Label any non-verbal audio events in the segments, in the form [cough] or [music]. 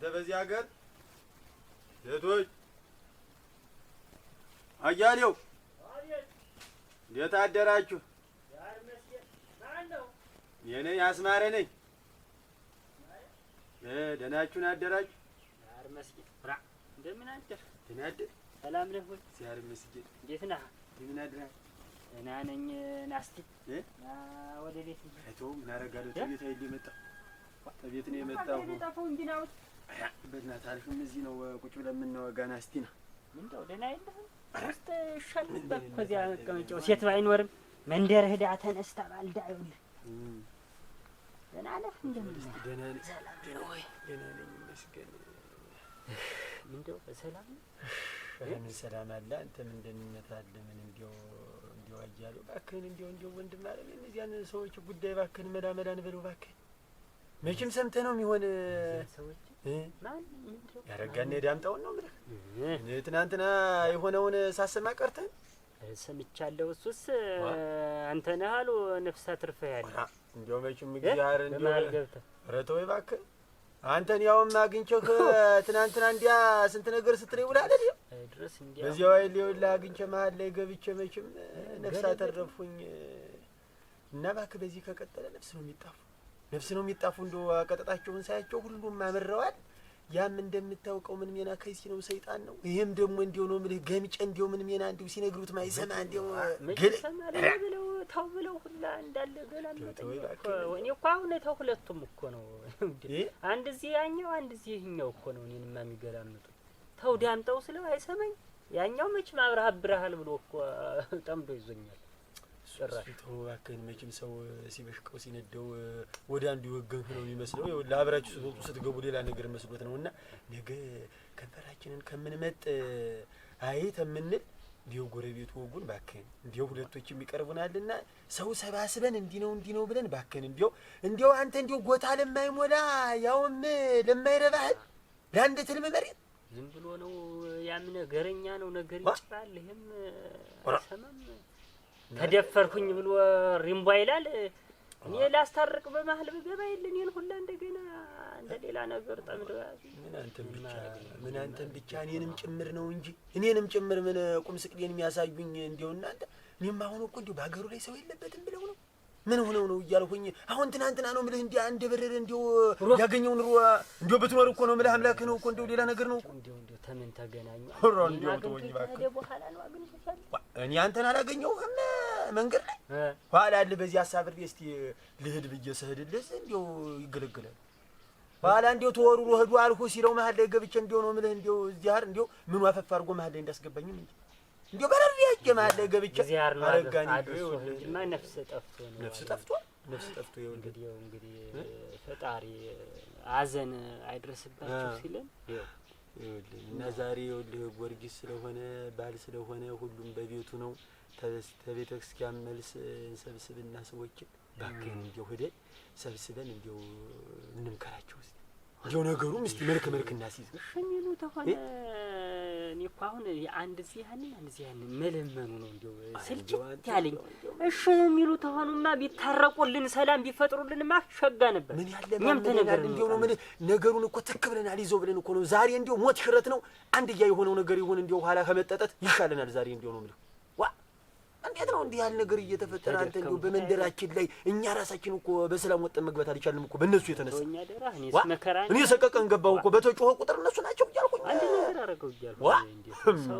አንተ በዚህ ሀገር ሴቶች አያሌው እንዴት አደራችሁ? የኔ አስማረ ነኝ። ደህናችሁን አደራችሁ? እንደምን አደር አደር። ሰላም ነህ ወይ? እንዴት ነህ? ደህና ነኝ። ናስቲ ወደ ቤት ቤት ቤት ነው የመጣሁ በእናትህ አልሽም እዚህ ነው ቁጭ ብለን እስቲ ና ደህና የለህም ውስጥ ይሻል ነበር መቀመጫው ሴት ባይኖርም መንደር ህዳ ተነስታ ባልዳ ደህና እንደምን ሰላም ነው ወይ ደህና ነኝ ይመስገን በሰላም ምን ሰላም አለ አንተ ምን ደህንነት አለ ምን እንዲያው እንዲያው እባክህን እንዲያው እንዲያው ወንድም አለ ሰዎች ጉዳይ እባክህን መላ መላ ንበለው እባክህን መቼም ሰምተህ ነው የሚሆን ሰዎች ያረጋን ዳምጣውን ነው ምልህ ትናንትና የሆነውን ሳሰማ ቀርተን ሰምቻለሁ። እሱስ አንተ ነህ አሉ ነፍሳ ትርፈ ያለ እንዲያው መቼም እግዚአብሔር ገብተህ ረቶ ተወው እባክህ አንተን ያውም አግኝቼህ [laughs] ትናንትና እንዲያ ስንት ነገር ድረስ ውላለህ። በዚያው አይደል ይኸውልህ አግኝቼህ መሀል ላይ ገብቼ መቼም ነፍሳ ተረፍኩኝ እና እባክህ በዚህ ከቀጠለ ነፍስ ነው የሚጣፉ ነፍስ ነው የሚጣፉ እንዶ ቀጠጣቸውን ሳያቸው ሁሉም አምረዋል። ያም እንደምታውቀው ምን ሜና ከይሲ ነው ሰይጣን ነው። ይህም ደግሞ እንዲሁ ነው የምልህ ገምጨ እንዲሁ ምን ሜና እንዲሁ ሲነግሩት ማይሰማ እንዲሁ ብለው ተው ብለው ሁላ እንዳለ ገላመጠኝ። እኔ እኮ አሁን ተው ሁለቱም እኮ ነው አንድ እዚህ ያኛው አንድ እዚህ ይህኛው እኮ ነው እኔንማ የሚገላምጡ ተው ዳምጠው ስለው አይሰማኝ። ያኛው መች ማብረሃ ብረሃል ብሎ እኮ ጠምዶ ይዞኛል። ጭራሽ እባክህን መቼም ሰው ሲበሽቀው ሲነደው ወደ አንዱ የወገንህ ነው የሚመስለው። ለአብራችሁ ስትወጡ ስትገቡ ሌላ ነገር መስሎት ነው እና ነገ ከንፈራችንን ከምንመጥ አይ ተምንል እንዲሁ ጎረቤቱ ወጉን ባክህን እንዲሁ ሁለቶች የሚቀርቡናልና ሰው ሰባስበን እንዲህ ነው እንዲህ ነው ብለን ባክን እንዲሁ እንዲሁ አንተ እንዲሁ ጎታ ለማይሞላ ያውም ለማይረባህል ለአንድ ትልም መሬት ዝም ብሎ ነው ያም ነገረኛ ነው ነገር ይጭራል። ይህም ሰማም ተደፈርኩኝ ብሎ ሪምቧ ይላል። እኔ ላስታርቅ በማህል ብገባ የለን እኔን ሁላ እንደገና እንደ ሌላ ነገር ጠምዶ ምን ብቻ ምን ብቻ እኔንም ጭምር ነው እንጂ እኔንም ጭምር ምን ቁም ስቅሌን የሚያሳዩኝ እንዲሁ እናንተ። እኔም አሁን እኮ እንዲሁ በሀገሩ ላይ ሰው የለበትም ብለው ነው ምን ሆነው ነው እያልኩኝ አሁን ትናንትና ነው ምልህ እንዲያ እንደበረረ እንዲው ያገኘው ኑሮ እንዲው ብትኖር እኮ ነው ምልህ አምላክ ነው እኮ እንዲው ሌላ ነገር ነው እኮ እንዲው እንዲው ተምን ተገናኙ ሆሮ እንዲው ተወኝ ባክ እኔ አንተን አላገኘሁህም መንገድ ላይ ኋላ አለ በዚህ ሀሳብ ርዴ እስቲ ልህድ ብዬ ስሄድልህ እንዲው ይገለገላል ኋላ እንዲው ተወሩ ሄዱ አልሁ ሲለው መሀል ላይ ገብቼ እንዲያው ነው ምልህ እንዲው እዚህ አር እንዲው ምኑ አፈፍ አድርጎ መሀል ላይ እንዳስገባኝም እንጂ በረር ብድግ የማለገ ብቻ አረጋኝ እንጂማ ነፍስ ጠፍቶ ነው። ነፍስ ጠፍቶ ነፍስ ጠፍቶ ይኸው እንግዲህ ይኸው እንግዲህ ፈጣሪ አዘን አይድረስባችሁ ሲለን እና ዛሬ ይኸውልህ ጊዮርጊስ ስለሆነ ባል ስለሆነ ሁሉም በቤቱ ነው። ተቤተ ክርስቲያን መልስ እንሰብስብና ሰዎችን ባክን እንዲያው ሂደን ሰብስበን እንዲያው እንምከራቸው። እስኪ እንዲያው ነገሩም እስኪ መልክ መልክ እናስይዘው እሺ ተሆነ እኮ አሁን አንድ እዚህ ያንን አንድ እዚህ ያንን መለመኑ ነው እንዲያው ስልችት ያለኝ። እሺ የሚሉ ተሆኑማ ቢታረቁልን ሰላም ቢፈጥሩልንማ ሸጋ ነበር። ምን ያለ ምን ተነገር እንዲያው ነው። ምን ነገሩን እኮ ትክ ብለናል፣ ይዘው ብለን እኮ ነው ዛሬ እንዲያው ሞት ሽረት ነው። አንድ ያ የሆነው ነገር ይሁን እንዲያው ኋላ ከመጠጠት ይሻለናል ዛሬ እንዲያው ነው ምን እንዴት ነው እንዲህ ያለ ነገር እየተፈጠረ? አንተ እንደው በመንደራችን ላይ እኛ ራሳችን እኮ በሰላም ወጠን መግባት አልቻልንም እኮ በእነሱ የተነሳ። እኔ ሰቀቀን ገባሁ እኮ በተጮኸ ቁጥር እነሱ ናቸው እያልኩኝ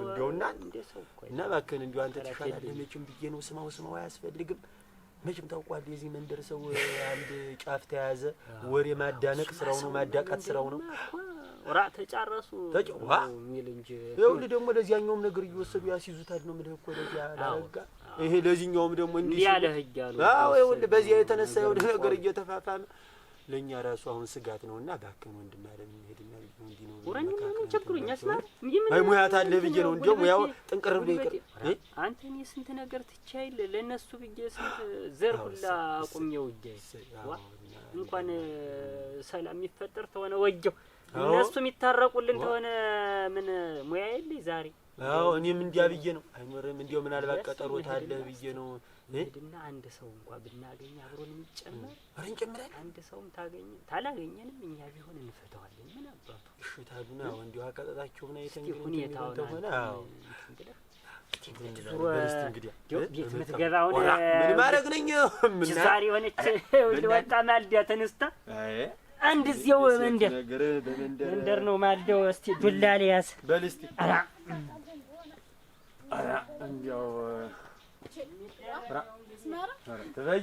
እንደውና እና እባክህን እንደው አንተ ትሻላለህ መቼም ብዬ ነው። ስማው ስማው አያስፈልግም መቼም ታውቋል የዚህ መንደር ሰው አንድ ጫፍ ተያዘ ወሬ ማዳነቅ ስራው ነው፣ ማዳቃት ስራው ነው። ራ ተጫረሱ ተጫዋ ይኸውልህ ደግሞ ለዚያኛውም ነገር እየወሰዱ ያስይዙታል ነው የምልህ እኮ ለዚያ ላረጋ ይሄ ለዚህኛውም ደግሞ እንዲህ ያለ ህግ አዎ፣ ይኸውልህ በዚያ የተነሳ የሆነ ነገር እየተፋፋመ ለእኛ ራሱ አሁን ስጋት ነው። እና እባክህን ወንድም ያለ የሚሄድና እንዲህ ነው ወረኝ ነው ሙያት አለ ብዬ ነው እንዲሁም ያው ጥንቅር ብሎ ይቅር አንተ እኔ ስንት ነገር ትቻይል ለእነሱ ብዬ ስንት ዘር ሁላ አቁሜው እጄ እንኳን ሰላም የሚፈጠር ተሆነ ወጀው እነሱ የሚታረቁልን ከሆነ ምን ሙያ የለኝ ዛሬ። አዎ እኔም እንዲያ ብዬ ነው። አይመርም እንዲያው ምናልባት ቀጠሮት አለ ብዬ ነው። እንድና አንድ ሰው እንኳ ብናገኝ አብሮን የሚጨምር አብረን እንጨምራለን። አንድ ሰውም ታገኝ ታላገኘንም እኛ ቢሆን እንፈተዋለን። ምን አባቱ እሽታሉና አዎ፣ እንዲሁ አቀጣጣችሁ ምን አይተን ግን ሁኔታውን ሆነ። አዎ ቤት የምትገባውን ምን ማድረግ ነኝ ዛሬ የሆነች [laughs] ወጣ ማልዲያ ተነስታ አንድ እዚያው መንደር መንደር ነው ማልደው። እስቲ ዱላ ሊያዝ በል እስቲ። ኧረ ኧረ እንዲያው ትበይ።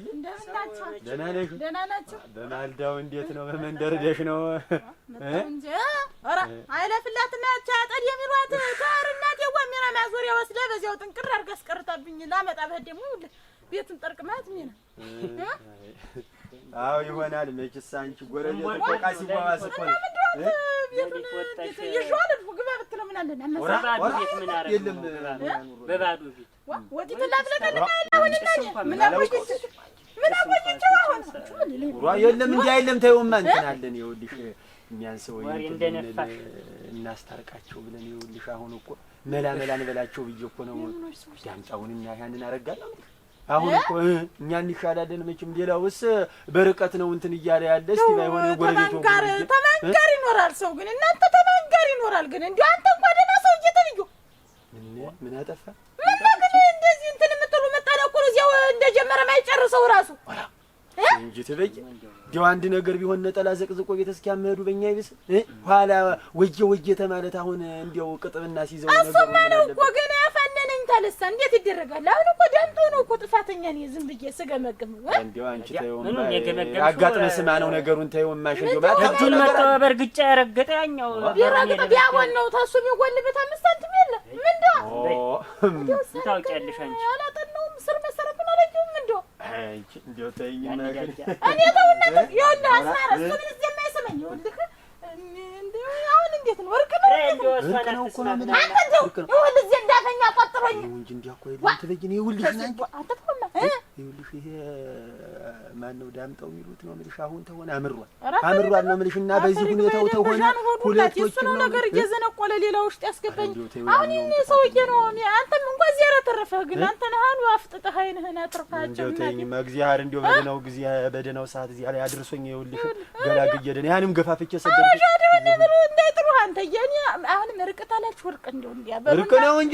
ደህና ነሽ? በማልዳው እንዴት ነው? በመንደር ደሽ ነው እንጂ ኧረ አይለፍላትና ብቻ ጠድ የሚሏት ተር እናት የዋ ማዞር ዙሪያ ወስደ በዚያው ጥንቅር አድርጋ አስቀርታብኝ ላመጣ በህድ ደግሞ ቤቱን ጠርቅማት ሚና አዎ ይሆናል። መችስ አንቺ ጎረቤት እኮ ቃሲ ዋዋስ እኮ ነው። የለም እንዲህ አይለም። ተይውማ እንትን አለን። ይኸውልሽ እኛን ሰው እናስታርቃቸው ብለን ይኸውልሽ አሁን እኮ መላ መላ እንበላቸው ብዬሽ እኮ ነው። ዳምጣውንና ያንን አረጋለሁ አሁን እኮ እኛ እንሻላለን መቼም። ሌላውስ በርቀት ነው እንትን እያለ ያለ እስቲ ባይሆን ጎረቤት ተመንጋር ተመንጋር ይኖራል ሰው ግን እናንተ ተመንጋር ይኖራል ግን እንዲሁ አንተ እንኳ ደህና ሰው እየተልዩ ምን ምን አጠፋ ምን ግን እንደዚህ እንትን የምትሉ መጣለቁን እዚያው እንደጀመረ ማይጨርሰው ራሱ እንጂ ትበይ እንዲያው አንድ ነገር ቢሆን ነጠላ ዘቅዝቆ ቤት እስኪያመዱ በእኛ ይብስ ኋላ ወየ ወየ ተማለት አሁን እንዲያው ቅጥብና ሲይዘው ነገር ነው እኮ ግን ያፈን ተነሳ እንዴት ይደረጋል? አሁን እኮ ደንቶ ነው እኮ ጥፋተኛ ነኝ። ዝም ብዬ ስገመግም እንዴው አንቺ ተይውም አጋጥመ ስማ ነው ነገሩን ተይውም ማሸጆ ጆባ እጁን መጥቶ በእርግጫ ያረገጠ ያኛው ቢረግጥ ቢያቦን ነው ተሱ የሚጎልበት አምስት ሳንቲም የለ ምንዳ ታውቂያለሽ አንቺ አላጠነውም ስር ነው መሰረቱን አላየሁም አንቺ እንዴው ተይኝ ነገር እኔ ተውና ይሁን አስራ እሱ ምን የማይሰማኝ ይሁልህ እንዴው አሁን እንዴት ነው ወርቅ ነው ወርቅ ነው እኮ ነው አንተ እንዴው ይሁን ሰራተኛ ቆጥሮኝ እንጂ እንዲያ እኮ ትለኝ ይኸውልሽ፣ ናንቺ አትተውም። ይኸውልሽ ይሄ ማነው ዳምጠው የሚሉት ነው የምልሽ። አሁን ተሆነ አምሯል፣ አምሯል ነው የምልሽ። እና በዚህ ሁኔታው ተሆነ ሁለት እሱ ነው ነገር እየዘነቆለ ሌላ ውስጥ ያስገባኝ። አሁን ይህን ሰውዬ ነው አንተም እንኳ እዚያ ተረፈህ፣ ግን አንተ ነህ አሉ አፍጥጠህ አይንህን አትርፋቸው። ተይኝማ እግዚአብሔር እንዲያው በደህናው ጊዜ በደህናው ሰዓት እዚያ ላይ አድርሶኝ ይኸውልሽ፣ ገላግዬ ደህና ያንም ገፋፍቼ ሰደድኩሽ እንዳይጥሩህ አንተ። እኔ አሁንም ርቅታላችሁ እርቅ እንዲሁ እንዲያ በርቅ ነው እንጂ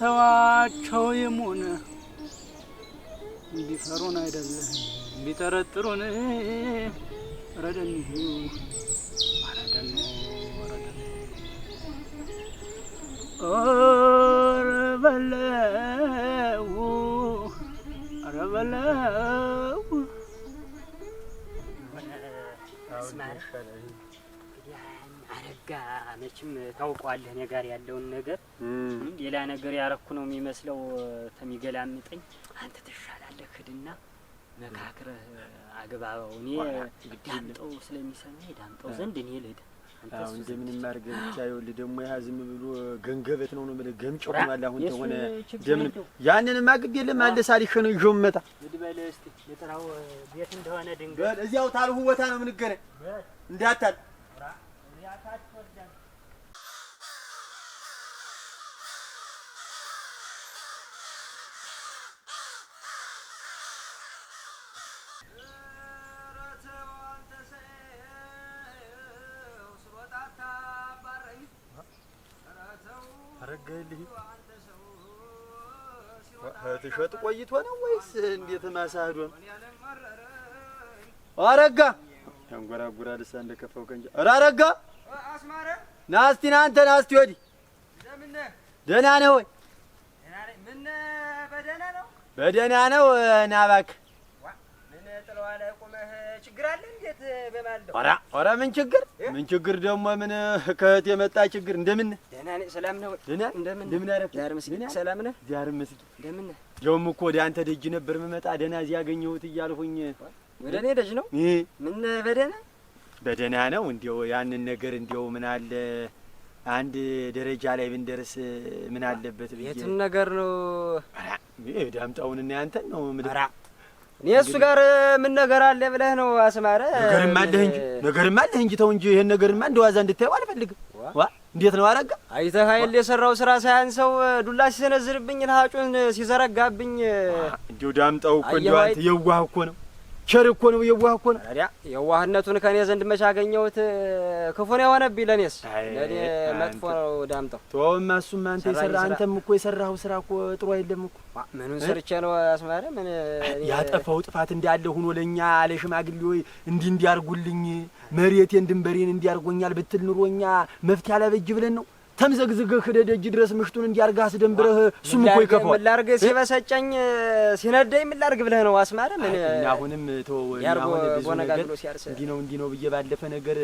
ተዋቸው ይሙን እንዲፈሩን አይደለም እንዲጠረጥሩን ረደን ረበለው ረበለው አረጋ መቼም ታውቀዋለህ እኔ ጋር ያለውን ነገር ሌላ ነገር ያረኩ ነው የሚመስለው ተሚገላምጠኝ። አንተ ትሻላለህ፣ ክድና መካክረህ አግባባው። እኔ ዳምጠው ስለሚሰማ ዳምጠው ዘንድ እኔ ልሄድ አሁን እንደምንም አድርገህ ብቻ ይኸውልህ፣ ደግሞ ያ ዝም ብሎ ገንገበት ነው ነው የምልህ፣ ገምጮ ማለት አሁን ተሆነ ደምን ያንን አግብ የለም አለ ሳሊሽ ነው ይዤው እመጣ ልድበልህ። እስኪ ልጥራው ቤት እንደሆነ ድንገት እዚያው ታልሁ ቦታ ነው የምንገናኝ እንዳታል ትሸጥ ቆይቶ ነው ወይስ እንዴት? ማሳዶ ነው አረጋ ያንጎራጉራ ልሳ እንደከፈው ቀንጃ ኧረ አረጋ ና እስቲ ና አንተ ና እስቲ ወዲህ ደህና ነህ ወይ? በደህና ነው። ነው። ምን እባክህ ችግር አለ እንዴት በማለው ኧረ ኧረ ምን ችግር ምን ችግር ደግሞ ምን ከእህት የመጣ ችግር እንደምን ደህና ነህ ሰላም ነህ ደህና እንደምን እንደምን አረፍ ዳር መስጊድ ሰላም ነህ ዳር መስጊድ እንደምን ደውም እኮ ወደ አንተ ደጅ ነበር የምመጣ ደህና እዚህ ያገኘሁት እያልሁኝ ወደ እኔ ደጅ ነው ምን በደህና በደህና ነው እንዲያው ያንን ነገር እንዲያው ምን አለ አንድ ደረጃ ላይ ብንደርስ ምን አለበት ብዬ የትን ነገር ነው ዳምጣውንና ያንተን ነው ምድራ እኔ እሱ ጋር ምን ነገር አለ ብለህ ነው አስማረ? ነገርም አለህ እንጂ ነገርም አለህ እንጂ ተው እንጂ ይሄን ነገርማ ዋዛ እንድታየው አልፈልግም። ዋ እንዴት ነው አረጋ? አይተህ ኃይል የሰራው ስራ ሳያንሰው ዱላ ሲሰነዝርብኝ፣ ልሃጩን ሲዘረጋብኝ፣ እንዲሁ ዳምጠው እኮ እንዲሁ አንተ የዋህ እኮ ነው ቸር እኮ ነው፣ የዋህ እኮ ነው። ታዲያ የዋህነቱን ከእኔ ዘንድ መቼ አገኘሁት? ክፉ ነው የሆነብኝ ለእኔስ፣ ለእኔ መጥፎ ነው። ዳምጠው ተወውማ፣ እሱማ አንተ የሰራ አንተም እኮ የሰራኸው ስራ እኮ ጥሩ አይደለም እኮ። ምኑን ሰርቼ ነው አስማረ? ምን ያጠፋው ጥፋት እንዳለ ሆኖ ለእኛ አለ ሽማግሌ ሆይ እንዲህ እንዲያርጉልኝ መሬቴን ድንበሬን እንዲያርጎኛል ብትል ኑሮኛ መፍትሄ አላበጅ ብለን ነው ተምዘግዝግህ ደጅ ድረስ ምሽቱን እንዲያርግ አስደንብረህ እሱም እኮ ይከፋዋል። ምን ላድርግ ሲበሰጨኝ ሲነዳኝ ምን ላድርግ ብለህ ነው አስማረ። ምን አሁንም ተወው። እንዲህ ነው እንዲህ ነው ብዬ ባለፈ ነገር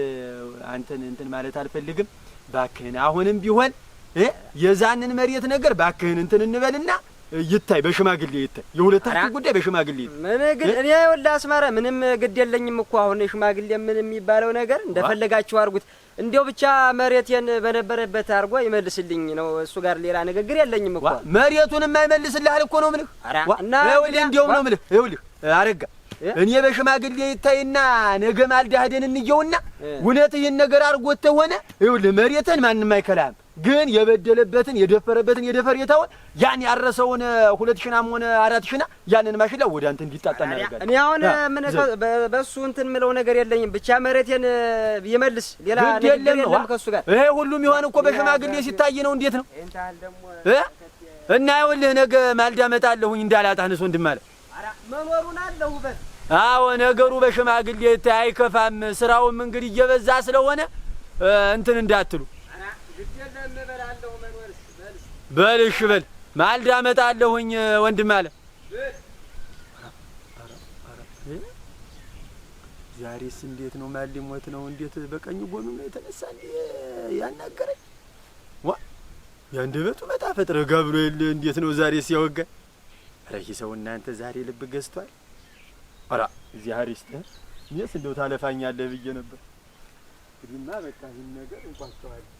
አንተን እንትን ማለት አልፈልግም። ባክህን አሁንም ቢሆን የዛንን መሬት ነገር ባክህን እንትን እንበልና ይታይ በሽማግሌ ይታይ። የሁለታችን ጉዳይ በሽማግሌ ይታይ። ምን ግን እኔ ወላ አስማራ ምንም ግድ የለኝም እኮ አሁን ሽማግሌ ምን የሚባለው ነገር እንደፈለጋችሁ አድርጉት። እንዲያው ብቻ መሬቴን በነበረበት አድርጎ ይመልስልኝ ነው። እሱ ጋር ሌላ ንግግር የለኝም እኮ። መሬቱን የማይመልስልህ አልኮ ነው ምልህ እና ይኸውልህ፣ እንዲያውም ነው ምልህ ይኸውልህ አረጋ እኔ በሽማግሌ ይታይና ነገ ማልዳህደን እንየውና እውነት ይህን ነገር አድርጎት ተሆነ ይኸውልህ መሬትህን ማንም አይከላም። ግን የበደለበትን የደፈረበትን የደፈሬታውን ያን ያረሰውን ሁለት ሽናም ሆነ አራት ሽና ያንን ማሽላ ወደ አንተ እንዲጣጣ ያደርጋል። እኔ አሁን ምን በእሱ እንትን ምለው ነገር የለኝም። ብቻ መሬቴን ይመልስ። ሌላ ነገር የለም ከእሱ ጋር። ይሄ ሁሉም ይሆን እኮ በሽማግሌ ሲታይ ነው። እንዴት ነው እና ይኸውልህ ነገ ማልዳ መጣለሁኝ እንዳላጣህንስ ወንድም አለ መኖሩን አለሁ በል። አዎ ነገሩ በሽማግሌ አይከፋም። ስራውም እንግዲህ እየበዛ ስለሆነ እንትን እንዳትሉ በልሽ በል ማልዳ እመጣለሁኝ ወንድም አለ ዛሬስ እንዴት ነው? ማን ሊሞት ነው? እንዴት በቀኝ ጎኑ ነው የተነሳ ያናገረኝ ዋ የአንደበቱ መጣፈጥ ረጋ እንዴት ነው ዛሬስ ያወጋኝ? ረሂ ሰው እናንተ ዛሬ ልብ ገዝቷል። አራ እግዚአብሔር ይስጥህ። እኔስ እንደው ታለፋኛለህ ብዬ ነበር። እንግዲህማ በቃ ይህን ነገር እንቋጨዋለን።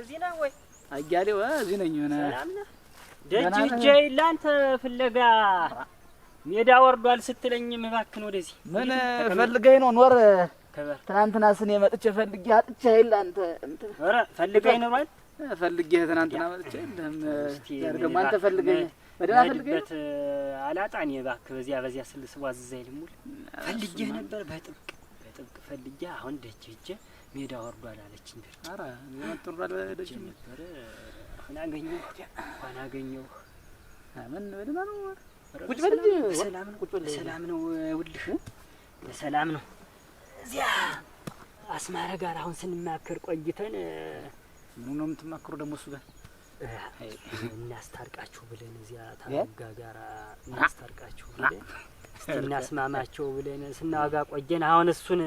እዚህ ነህ ወይ? አያሌው እዚህ ነኝ። ሆነ ደጅ ብቻ ለአንተ ፍለጋ ሜዳ ወርዷል ስትለኝም እባክን ወደዚህ ምን ፈልገኝ ነው ኖር ትናንትና ስኔ መጥቼ ፈልጌ አጥቼ አይደል አንተ ኧረ ፈልገኝ ነው ማለት ፈልጌ ትናንትና መጥቼ ደግሞ አንተ ፈልገኝ በደህና ፈልገኝ አላጣኔ እባክህ በዚያ በዚያ ስልስ ስልስዋዝዛ ይልሙል ፈልጌ ነበር በጥብቅ በጥብቅ ፈልጌ አሁን ደጅ ሂጅ ሜዳ ወርዷል አለችኝ ደጅ ኧረ ሜዳ ወርዷል ደጅ ነበረ ምን ቁጭ በል ሰላም ነው። ሰላም ነው። ሰላም ነው። እዚያ አስማረ ጋር አሁን ስንማከር ቆይተን ምኑ ነው የምትማከሩ ደግሞ እሱ ጋር እናስታርቃችሁ ብለን እዚያ ታጋ ጋር እናስታርቃችሁ ብለን እናስማማቸው ብለን ስናዋጋ ቆየን። አሁን እሱን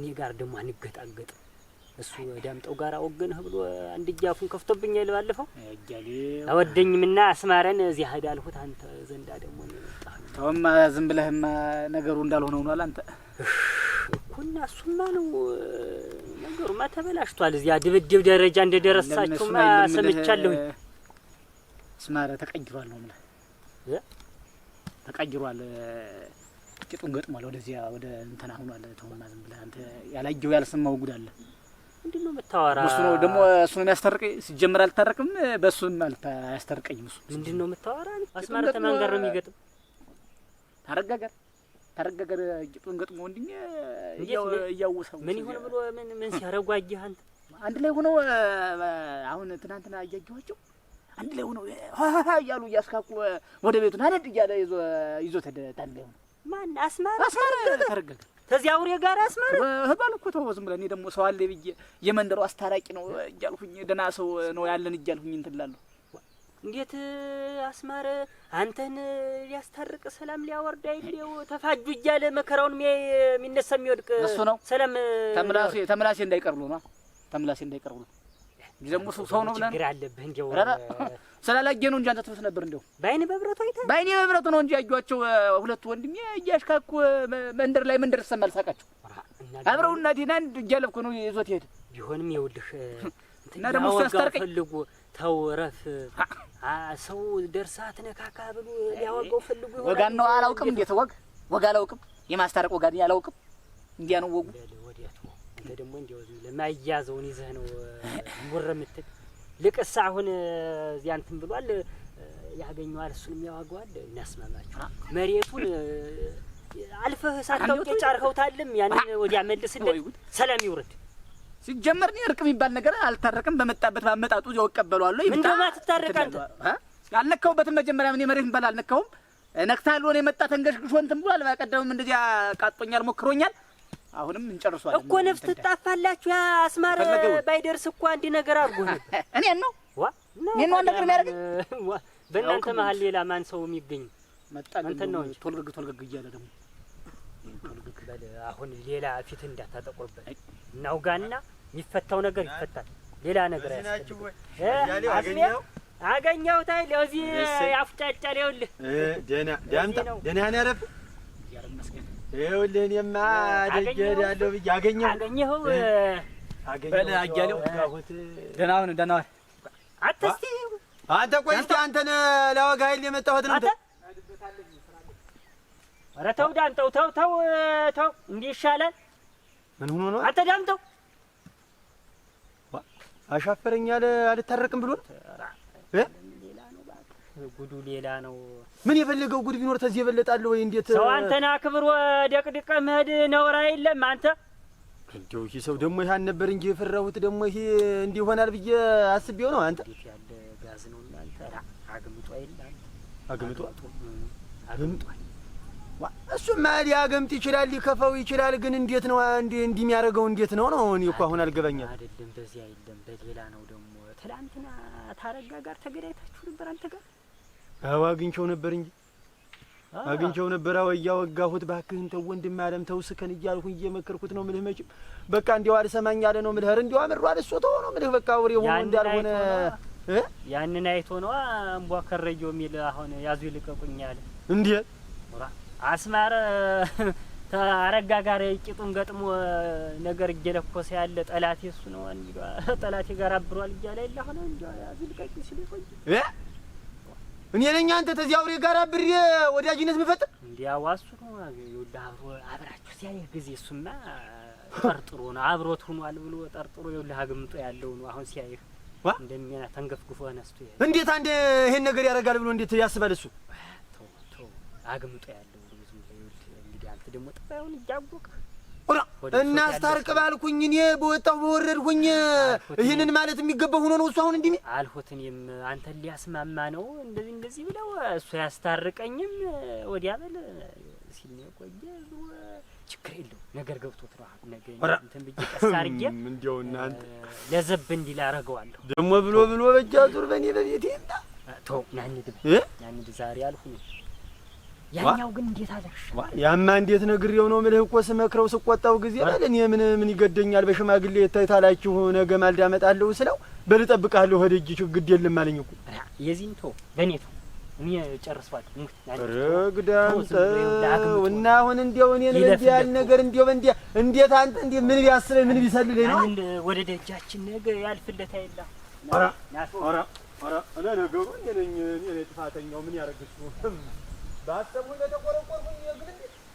እኔ ጋር ደግሞ እሱ ዳምጠው ጋር አወገንህ ብሎ አንድ እጃፉን ከፍቶብኛል። ባለፈው አወደኝምና አስማረን እዚህ ሄድ አልሁት። አንተ ዘንዳ ደግሞ ተውማ ዝም ብለህማ ነገሩ እንዳልሆነ ሆኗል። አንተ እኮና እሱማ ነው ነገሩማ ተበላሽቷል። እዚያ ድብድብ ደረጃ እንደ ደረሳችሁማ ሰምቻለሁኝ። አስማረ ተቀይሯል ነው የምልህ፣ ተቀይሯል ቂጡን ገጥሟል። ወደዚያ ወደ እንትና ሆኗል። ተውማ ዝም ብለህ አንተ ያላየው ያልሰማው ጉድ አለ ምንድን ነው የምታወራ? እሱ ነው ደግሞ እሱ ነው የሚያስታርቀኝ። ሲጀመር አልታረቅም፣ በእሱም አያስታርቀኝም። እሱ ምንድን ነው የምታወራ? ተማን ጋር ነው የሚገጥም? ገጥሞ እያወሰው ምን ይሆን ብሎ ምን ምን አንተ? አንድ ላይ ሆነው አሁን ትናንትና እያየኋቸው አንድ ላይ ሆነው እያሉ እያስካኩ ወደ ቤቱን አደድ እያለ ይዞ ይዞ ተደ አንድ ማን አስማራ አስማራ ታረጋጋር ተዚያ አውሬ ጋር አስመረ ህባል እኮ ተው፣ ዝም ብለህ እኔ ደግሞ ሰው አለ ብዬ የመንደሩ አስታራቂ ነው እያልሁኝ ደህና ሰው ነው ያለን እያልሁኝ እንትን እላለሁ። እንዴት አስማረ አንተን ሊያስታርቅ ሰላም ሊያወርድ አይሌው ተፋጁ እያለ መከራውን የሚነሳ የሚወድቅ እሱ ነው። ሰላም ተምላሴ ተምላሴ እንዳይቀርሉ ነው ተምላሴ እንዳይቀርሉ ደግሞ ሰው ነው ብለን አለብህ እንደው ስላላየ ነው እንጂ አንተ ትፈስ ነበር። እንደው በአይኔ በብረቱ አይተህ በአይኔ በብረቱ ነው እንጂ ያዩዋቸው ሁለቱ ወንድሜ እያሽካኩ መንደር ላይ መንደር ሰማል ሳቃቸው አብረው እና ዲና አንድ እያለብኩ ነው ይዞት ይሄድ ቢሆንም ይኸውልህ እና ደግሞ ሲያስታርቀኝ ፈልጉ ተው እረፍ። ሰው ደርሰህ ትነካካ ብሎ ሊያወጋው ፈልጉ። ወጋ ነው አላውቅም። እንዴት ወግ ወጋ አላውቅም። የማስታረቅ ወጋ አላውቅም። እንዲያ ነው ወጉ አንተ ደግሞ እንዲያው ለማያዘውን ይዘህ ነው ጉር የምትል። ልቅስ አሁን እዚያ እንትን ብሏል ያገኘዋል፣ እሱን ያዋገዋል። እናስማማችሁ መሬቱን አልፈህ ሳታውቅ ጫርኸውታልም። ያንን ወዲያ መልስለት፣ ሰላም ይውረድ። ሲጀመር እኔ እርቅ የሚባል ነገር አልታረቅም። በመጣበት ባመጣጡ እዚያው እቀበለዋለሁ። ምንድነው ማትታረቅ አንተ? አልነካሁበትም። መጀመሪያ ምን መሬት የሚባል አልነካሁም። ነክታል ሆነ የመጣ ተንገሽግሾ እንትን ብሏል። በቀደምም እንደዚያ ቃጦኛል፣ ሞክሮኛል አሁንም እንጨርሷለን እኮ ነፍስ ትጣፋላችሁ። ያ አስማር ባይደርስ እኮ አንድ ነገር አድርጎ እኔ ነው ዋ ምን ነው ነገር የሚያደርግ በእናንተ መሀል ሌላ ማን ሰው የሚገኝ መጣንትን ነው እንጂ ቶልግግ ቶልግግ እያለ ደግሞ ቶልግግ በል አሁን ሌላ ፊት እንዳታጠቁርበት እናውጋና የሚፈታው ነገር ይፈታል። ሌላ ነገር አያስፈልግም። አገኘሁት አይደል እዚህ ያፍጫጫል። ይኸውልህ ደህና ደህና ደህና ያረፍ ይኸውልህ እኔማ አደጌ እሄዳለሁ ብዬሽ አገኘሁ አገኘኸው በል አያሌው ደህና ሁን ደህና ሁን። አትስቲ አንተ ቆይ እስኪ አንተን ላወጋ ኃይል የመጣሁት ነው። ኧረ ተው ዳምጠው ተው ተው ተው እንዲህ ይሻላል። ምን ሆኖ ነው አንተ ዳምጠው አሻፈረኛል አለ አልታረቅም ብሎ ነው ጉዱ ሌላ ነው። ምን የፈለገው ጉድ ቢኖር ተዚህ የበለጣል ወይ? እንዴት ሰው አንተን አክብሮ ደቅድቀ መሄድ ነውራ የለም አንተ እንዲሁ ይህ ሰው ደግሞ ይህ አልነበር እንጂ የፈራሁት ደግሞ ይህ እንዲህ ይሆናል ብዬ አስቤው ነው። አንተ ይህ ያለ ጋዝ ነው እናንተ አግምጦ አይላል አግምጦ አግምጦ እሱማ ሊያገምጥ ይችላል፣ ሊከፋው ይችላል። ግን እንዴት ነው እንዲህ እንዲህ የሚያደርገው እንዴት ነው ነው? እኔ እኮ አሁን አልገባኛል። አይደለም በዚህ አይደለም በሌላ ነው ደግሞ። ትላንትና ታረጋ ጋር ተገዳይታችሁ ነበር አንተ ጋር አዎ አግኝቼው ነበር እንጂ አግኝቼው ነበር። አዎ እያወጋሁት ባክህን ተው ወንድም አለም ተው ስከን እያልኩኝ እየመከርኩት ነው ምልህ። መቼም በቃ እንዲያው አልሰማኝ ያለ ነው ምልህ። እንዲያው አምሯል እሱ ነው ምልህ በቃ ወሬ ሆኖ እንዳልሆነ ያንን አይቶ ነው እምቧ ከረጆ የሚል አሁን ያዙ ይልቀቁኝ አለ። እንዴት አስማረ አረጋ ጋር ቂጡን ገጥሞ ነገር እየለኮሰ ያለ ጠላቴ እሱ ነው። ጠላቴ ጋር አብሯል እያለ የለ አሁን እንዲ ያዙ ይልቀቁኝ ሲል ቆይ እኔ ነኝ አንተ ተዚህ አውሬ ጋር ብሬ ወዳጅነት መፈጠር እንዲያዋሱ ነው አብሮ አብራችሁ ሲያየ ጊዜ እሱማ ጠርጥሮ ነው አብሮት ሆኗል ብሎ ጠርጥሮ ይኸውልህ አግምጦ ያለው ነው። አሁን ዋ እንደሚያ ተንገፍግፎ አነስቶ ይሄ እንዴት አንድ ይሄን ነገር ያደርጋል ብሎ እንዴት ያስባል እሱ? ተው ተው አግምጦ ያለው ነው። እንግዲህ አንተ ደግሞ ጠባዩን እያወቅህ እናስታርቅ ባልኩኝ እኔ በወጣሁ በወረድኩኝ ይህንን ማለት የሚገባው ሆኖ ነው። እሱ አሁን እንዲህ አልሁት። እኔም አንተን ሊያስማማ ነው እንደዚህ እንደዚህ ብለው እሱ ያስታርቀኝም ወዲያ በል ሲል ነው የቆየ። ችግር የለው ነገር ገብቶት ነው። ነገ እንትን ብዬ ቀስ እንዲያው እናንተ ለዘብ እንዲል አደርገዋለሁ። ደግሞ ብሎ ብሎ በእጃ ዙር በእኔ በቤቴ ና ተው ናንድብ ናንድ ዛሬ አልሁ ነው ያኛው ግን እንዴት አለሽ? ያማ እንዴት ነግሬው ነው ምልህ እኮ ስመክረው ስቆጣው ጊዜ በል እኔ ምን ምን ይገደኛል በሽማግሌ የታይታላችሁ ነገ ማልዳ እመጣለሁ ስለው በል እጠብቅሃለሁ ወደ እጅ ግድ የለም አለኝ እኮ የዚህን ቶ በእኔ ቶ እኔ ጨርሷል ግዳምጠው እና አሁን እንዲያው እኔን በእንዲህ ያህል ነገር እንዲያው በእንዲህ እንዴት አንተ እንዲህ ምን ቢያስበኝ ምን ቢሰልለኝ ነው ወደ ደጃችን ነገ ያልፍለት አይላ ኧረ ኧረ ኧረ ነገሩ እኔ ነኝ እኔ ጥፋተኛው ምን ያረግሽ ባሰቡኝ በተቆረቆርኩኝ ግን እንዴ